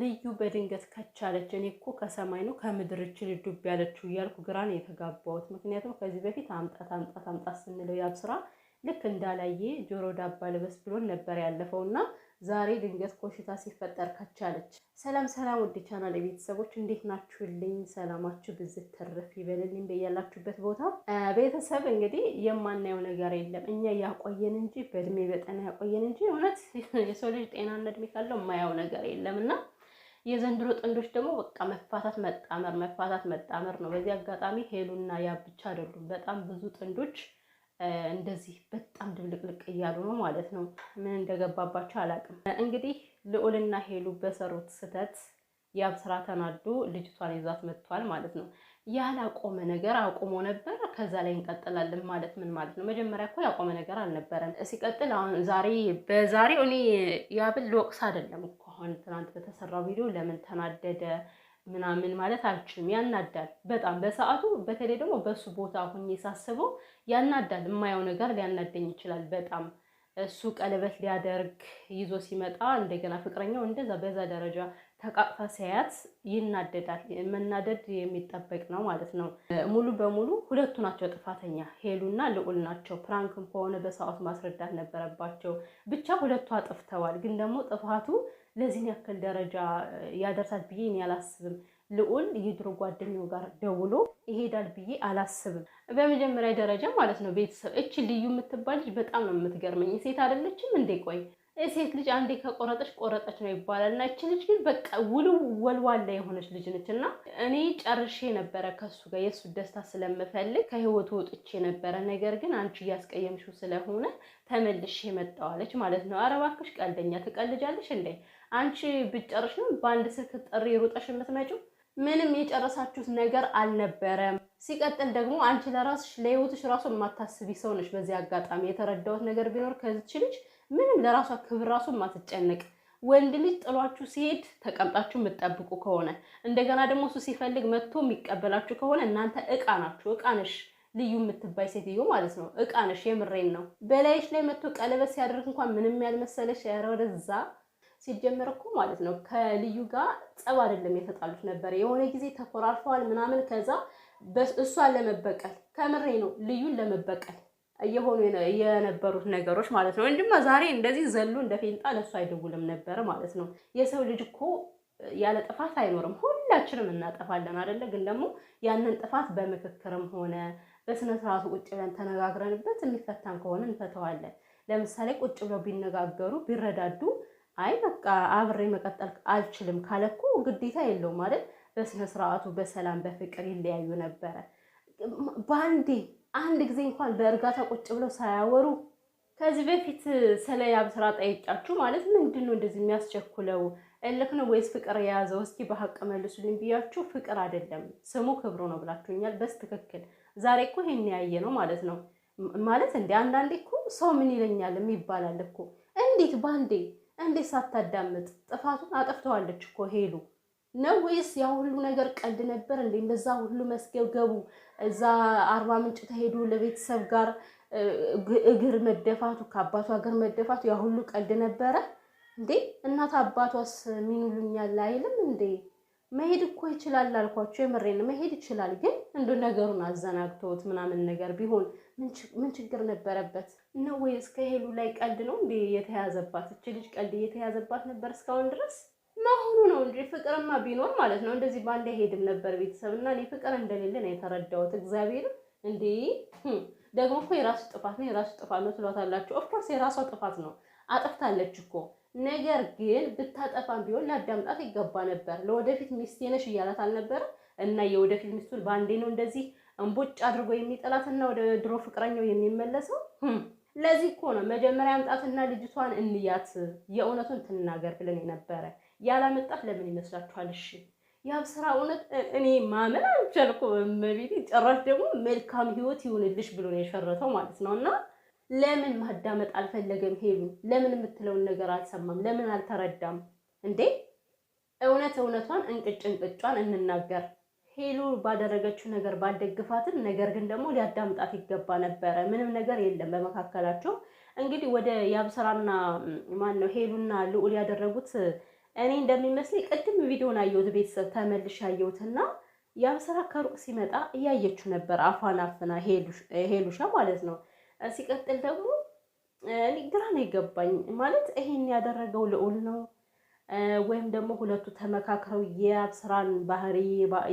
ልዩ በድንገት ከቻለች እኔ እኮ ከሰማይ ነው ከምድርች ልዱብ ያለችው እያልኩ ግራን የተጋባሁት። ምክንያቱም ከዚህ በፊት አምጣት አምጣት አምጣት ስንለው ያብ ስራ ልክ እንዳላየ ጆሮ ዳባ ልበስ ብሎን ነበር ያለፈው እና ዛሬ ድንገት ኮሽታ ሲፈጠር ከቻለች። ሰላም ሰላም፣ ውድ ቻናል ቤተሰቦች እንዴት ናችሁልኝ? ሰላማችሁ ብዝት ተረፍ ይበልልኝ በያላችሁበት ቦታ። ቤተሰብ እንግዲህ የማናየው ነገር የለም እኛ ያቆየን እንጂ በእድሜ በጠና ያቆየን እንጂ እውነት የሰው ልጅ ጤናና እድሜ ካለው የማያው ነገር የለም እና የዘንድሮ ጥንዶች ደግሞ በቃ መፋታት መጣመር መፋታት መጣመር ነው። በዚህ አጋጣሚ ሄሉና ያ ብቻ አይደሉም። በጣም ብዙ ጥንዶች እንደዚህ በጣም ድብልቅልቅ እያሉ ነው ማለት ነው። ምን እንደገባባቸው አላውቅም። እንግዲህ ልዑልና ሄሉ በሰሩት ስህተት ያብ ስራ ተናዶ ልጅቷን ይዛት መጥቷል ማለት ነው። ያላቆመ ነገር አቁሞ ነበር። ከዛ ላይ እንቀጥላለን ማለት ምን ማለት ነው? መጀመሪያ እኮ ያቆመ ነገር አልነበረም። ሲቀጥል አሁን ዛሬ በዛሬው እኔ ያብን ልወቅስ አይደለም እኮ አሁን ትናንት በተሰራው ቪዲዮ ለምን ተናደደ ምናምን ማለት አልችልም። ያናዳል በጣም በሰዓቱ። በተለይ ደግሞ በሱ ቦታ ሁኜ ሳስበው ያናዳል። የማየው ነገር ሊያናደኝ ይችላል በጣም እሱ ቀለበት ሊያደርግ ይዞ ሲመጣ እንደገና ፍቅረኛው እንደዛ በዛ ደረጃ ተቃቅፋ ሲያያት ይናደዳል። መናደድ የሚጠበቅ ነው ማለት ነው። ሙሉ በሙሉ ሁለቱ ናቸው ጥፋተኛ፣ ሄሉና ልዑል ናቸው። ፕራንክም ከሆነ በሰዓቱ ማስረዳት ነበረባቸው። ብቻ ሁለቱ አጥፍተዋል። ግን ደግሞ ጥፋቱ ለዚህን ያክል ደረጃ ያደርሳል ብዬ እኔ አላስብም። ልዑል የድሮ ጓደኛው ጋር ደውሎ ይሄዳል ብዬ አላስብም። በመጀመሪያ ደረጃ ማለት ነው ቤተሰብ እች ልዩ የምትባል ልጅ በጣም ነው የምትገርመኝ። ሴት አይደለችም እንዴ? ቆይ የሴት ልጅ አንዴ ከቆረጠች ቆረጠች ነው ይባላል። እና ይቺ ልጅ ግን በቃ ውሉ ወልዋላ የሆነች ልጅ ነች። እና እኔ ጨርሼ ነበረ ከሱ ጋር የእሱ ደስታ ስለምፈልግ ከህይወቱ ወጥቼ ነበረ። ነገር ግን አንቺ እያስቀየምሽው ስለሆነ ተመልሼ መጣዋለች ማለት ነው። ኧረ እባክሽ ቀልደኛ ትቀልጃለሽ እንዴ? አንቺ ብጨርሽ ነው በአንድ ስልክ ጥሪ ሩጠሽ የምትመጪው? ምንም የጨረሳችሁት ነገር አልነበረም። ሲቀጥል ደግሞ አንቺ ለራስሽ ለህይወትሽ ራሱ የማታስቢ ሰው ነች። በዚህ አጋጣሚ የተረዳሁት ነገር ቢኖር ከዚች ልጅ ምንም ለራሷ ክብር ራሱ ማትጨነቅ ወንድ ልጅ ጥሏችሁ ሲሄድ ተቀምጣችሁ የምትጠብቁ ከሆነ እንደገና ደግሞ እሱ ሲፈልግ መጥቶ የሚቀበላችሁ ከሆነ እናንተ እቃ ናችሁ። እቃ ነሽ ልዩ የምትባይ ሴትዮ ማለት ነው። እቃ ነሽ። የምሬን ነው። በላይሽ ላይ መጥቶ ቀለበት ሲያደርግ እንኳን ምንም ያልመሰለሽ ኧረ ሲጀመር እኮ ማለት ነው ከልዩ ጋር ጸብ አይደለም የተጣሉት ነበር። የሆነ ጊዜ ተኮራርፈዋል ምናምን። ከዛ እሷን ለመበቀል ከምሬ ነው ልዩን ለመበቀል እየሆኑ የነበሩት ነገሮች ማለት ነው። እንጂማ ዛሬ እንደዚህ ዘሎ እንደ ፌንጣ ለሱ አይደውልም ነበር ማለት ነው። የሰው ልጅ እኮ ያለ ጥፋት አይኖርም። ሁላችንም እናጠፋለን አደለ? ግን ደግሞ ያንን ጥፋት በምክክርም ሆነ በስነ ስርዓቱ ቁጭ ብለን ተነጋግረንበት የሚፈታን ከሆነ እንፈተዋለን። ለምሳሌ ቁጭ ብለው ቢነጋገሩ ቢረዳዱ፣ አይ በቃ አብሬ መቀጠል አልችልም ካለኮ ግዴታ የለውም ማለት በስነ ስርዓቱ በሰላም በፍቅር ይለያዩ ነበረ በአንዴ አንድ ጊዜ እንኳን በእርጋታ ቁጭ ብለው ሳያወሩ ከዚህ በፊት ስለ ያብ ስራ ጠይቃችሁ ማለት ምንድን ነው እንደዚህ የሚያስቸኩለው? እልክ ነው ወይስ ፍቅር የያዘው? እስኪ በሀቅ መልሱልኝ ብያችሁ ፍቅር አይደለም ስሙ ክብሩ ነው ብላችሁኛል። በስ ትክክል ዛሬ እኮ ይሄን ያየ ነው ማለት ነው። ማለት እንደ አንዳንዴ እኮ ሰው ምን ይለኛል የሚባላል እኮ እንዴት ባንዴ እንዴት ሳታዳምጥ ጥፋቱን አጠፍተዋለች እኮ ሄሉ ነው ወይስ ያ ሁሉ ነገር ቀልድ ነበር እንዴ? እንደዛ ሁሉ መስገብገቡ እዛ አርባ ምንጭ ተሄዱ ለቤተሰብ ጋር እግር መደፋቱ ከአባቷ እግር መደፋቱ ያ ሁሉ ቀልድ ነበረ እንዴ? እናት አባቷስ ምን ይሉኛል አይልም እንዴ? መሄድ እኮ ይችላል አልኳቸው። የምሬን መሄድ ይችላል፣ ግን እንደ ነገሩን አዘናግቶት ምናምን ነገር ቢሆን ምን ችግር ነበረበት? ነው ወይስ ከሄሉ ላይ ቀልድ ነው እንዴ የተያዘባት? እች ልጅ ቀልድ እየተያዘባት ነበር እስካሁን ድረስ መሆኑ ነው እንጂ ፍቅርማ ቢኖር ማለት ነው እንደዚህ ባንድ አይሄድም ነበር። ቤተሰብ እና እኔ ፍቅር እንደሌለ ነው የተረዳሁት። እግዚአብሔር እንዴ hm። ደግሞ እኮ የራሱ ጥፋት ነው የራሱ ጥፋት ነው ትሏታላችሁ። ኦፍኮርስ የራሷ ጥፋት ነው፣ አጥፍታለች እኮ ነገር ግን ብታጠፋም ቢሆን ላዳምጣት ይገባ ነበር። ለወደፊት ሚስቴ ነሽ እያላት አልነበረ እና የወደፊት ሚስቱን በአንዴ ነው እንደዚህ እምቦጭ አድርጎ የሚጠላትና ወደ ድሮ ፍቅረኛው የሚመለሰው። hm። ለዚህ እኮ ነው መጀመሪያ አምጣትና ልጅቷን እንያት የእውነቱን ትናገር ብለን የነበረ ያላመጣት ለምን ይመስላችኋል? እሺ ያብ ስራ እውነት እኔ ማመን አልቻልኩም። እመቤቴ ጭራሽ ደግሞ መልካም ህይወት ይሁንልሽ ብሎ ነው የሸረተው ማለት ነው። እና ለምን ማዳመጥ አልፈለገም? ሄሉ ለምን የምትለውን ነገር አልሰማም? ለምን አልተረዳም እንዴ? እውነት እውነቷን እንቅጭ እንቅጯን እንናገር። ሄሉ ባደረገችው ነገር ባልደግፋትም፣ ነገር ግን ደግሞ ሊያዳምጣት ይገባ ነበረ። ምንም ነገር የለም በመካከላቸው። እንግዲህ ወደ ያብስራና ማን ነው ሄሉና ልዑል ያደረጉት እኔ እንደሚመስለኝ ቅድም ቪዲዮን አየሁት፣ ቤተሰብ ተመልሼ አየሁትና ያ ስራ ከሩቅ ሲመጣ እያየችው ነበር፣ አፏን አፍና ሄሉሻ ማለት ነው። ሲቀጥል ደግሞ እኔ ግራ ነው የገባኝ ማለት ይሄን ያደረገው ልዑል ነው ወይም ደግሞ ሁለቱ ተመካክረው የአብስራን ባህሪ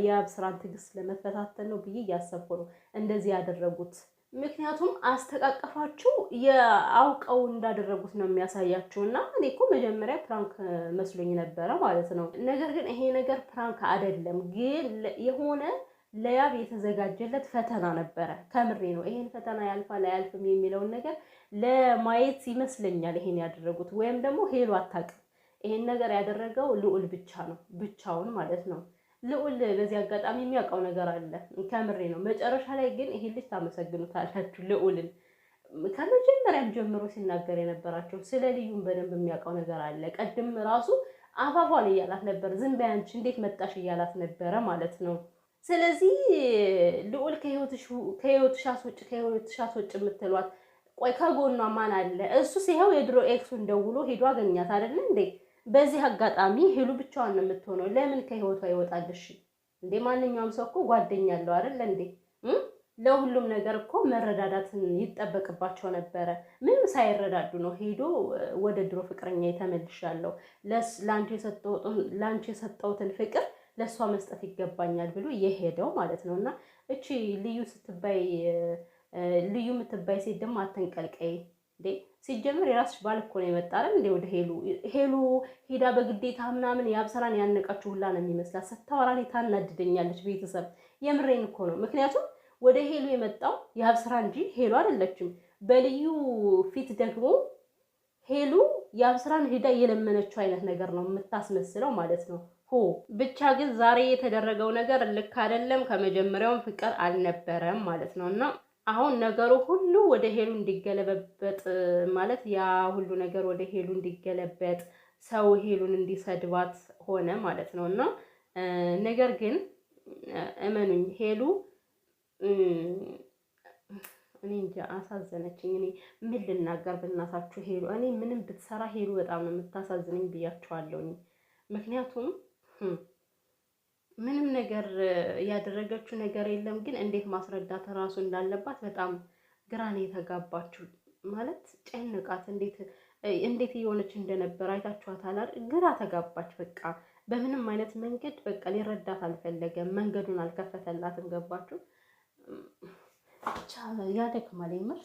የአብስራን ትዕግስት ለመፈታተን ነው ብዬ እያሰብኩ ነው እንደዚህ ያደረጉት። ምክንያቱም አስተቃቀፋችሁ የአውቀው እንዳደረጉት ነው የሚያሳያችሁ። እና እኔ እኮ መጀመሪያ ፕራንክ መስሎኝ ነበረ ማለት ነው። ነገር ግን ይሄ ነገር ፕራንክ አይደለም፣ ግን የሆነ ለያብ የተዘጋጀለት ፈተና ነበረ። ከምሬ ነው። ይሄን ፈተና ያልፋል አያልፍም የሚለውን ነገር ለማየት ይመስለኛል ይሄን ያደረጉት። ወይም ደግሞ ሄሎ አታውቅም። ይሄን ነገር ያደረገው ልዑል ብቻ ነው፣ ብቻውን ማለት ነው። ልዑል በዚህ አጋጣሚ የሚያውቀው ነገር አለ። ከምሬ ነው። መጨረሻ ላይ ግን ይሄ ልጅ ታመሰግኑታላችሁ። ልዑልን ከመጀመሪያም ጀምሮ ሲናገር የነበራቸው ስለ ልዩም በደንብ የሚያውቀው ነገር አለ። ቀድም ራሱ አባቧን እያላት ነበር። ዝም በይ አንቺ እንዴት መጣሽ እያላት ነበረ ማለት ነው። ስለዚህ ልዑል ከህይወትሽ አስወጪ ከህይወትሽ አስወጪ የምትሏት ቆይ ከጎኗ ማን አለ? እሱ ይኸው የድሮ ኤክሱን ደውሎ ሄዶ አገኛት አይደለ እንዴ? በዚህ አጋጣሚ ሄሉ ብቻዋን ነው የምትሆነው። ለምን ከህይወቷ ይወጣልሽ እንዴ? ማንኛውም ሰው እኮ ጓደኛ አለው አይደል እንዴ? ለሁሉም ነገር እኮ መረዳዳትን ይጠበቅባቸው ነበረ። ምንም ሳይረዳዱ ነው ሄዶ ወደ ድሮ ፍቅረኛ የተመልሻለሁ፣ ለአንቺ የሰጠውትን ፍቅር ለእሷ መስጠት ይገባኛል ብሎ የሄደው ማለት ነው። እና እቺ ልዩ ስትባይ ልዩ የምትባይ ሴት ደግሞ አተንቀልቀይ እንዴ ሲጀምር የራስሽ ባል እኮ ነው የመጣ አይደል እንዴ? ወደ ሄሉ ሄሉ ሄዳ በግዴታ ምናምን የአብሰራን ያነቃችሁ ሁላ ነው የሚመስላት። ስታወራ እኔ ታናድደኛለች። ቤተሰብ የምሬን እኮ ነው። ምክንያቱም ወደ ሄሉ የመጣው የአብሰራ እንጂ ሄሉ አይደለችም። በልዩ ፊት ደግሞ ሄሉ የአብስራን ሂዳ የለመነችው አይነት ነገር ነው የምታስመስለው ማለት ነው። ሆ ብቻ ግን ዛሬ የተደረገው ነገር ልክ አይደለም። ከመጀመሪያውም ፍቅር አልነበረም ማለት ነው እና አሁን ነገሩ ሁሉ ወደ ሄሉ እንዲገለበጥ ማለት ያ ሁሉ ነገር ወደ ሄሉ እንዲገለበጥ ሰው ሄሉን እንዲሰድባት ሆነ ማለት ነው። እና ነገር ግን እመኑኝ ሄሉ እኔ እንጃ አሳዘነችኝ። እኔ ምን ልናገር ብናሳችሁ ሄሉ እኔ ምንም ብትሰራ ሄሉ በጣም ነው የምታሳዝነኝ ብያችኋለሁኝ። ምክንያቱም ምንም ነገር ያደረገችው ነገር የለም። ግን እንዴት ማስረዳት እራሱ እንዳለባት በጣም ግራ ነው የተጋባችው። ማለት ጨንቃት እንዴት እንዴት እየሆነች እንደነበር አይታችኋታል። ግራ ተጋባች። በቃ በምንም አይነት መንገድ በቃ ሊረዳት አልፈለገም። መንገዱን አልከፈተላትም። ገባችሁ? ብቻ ያደክማል የምር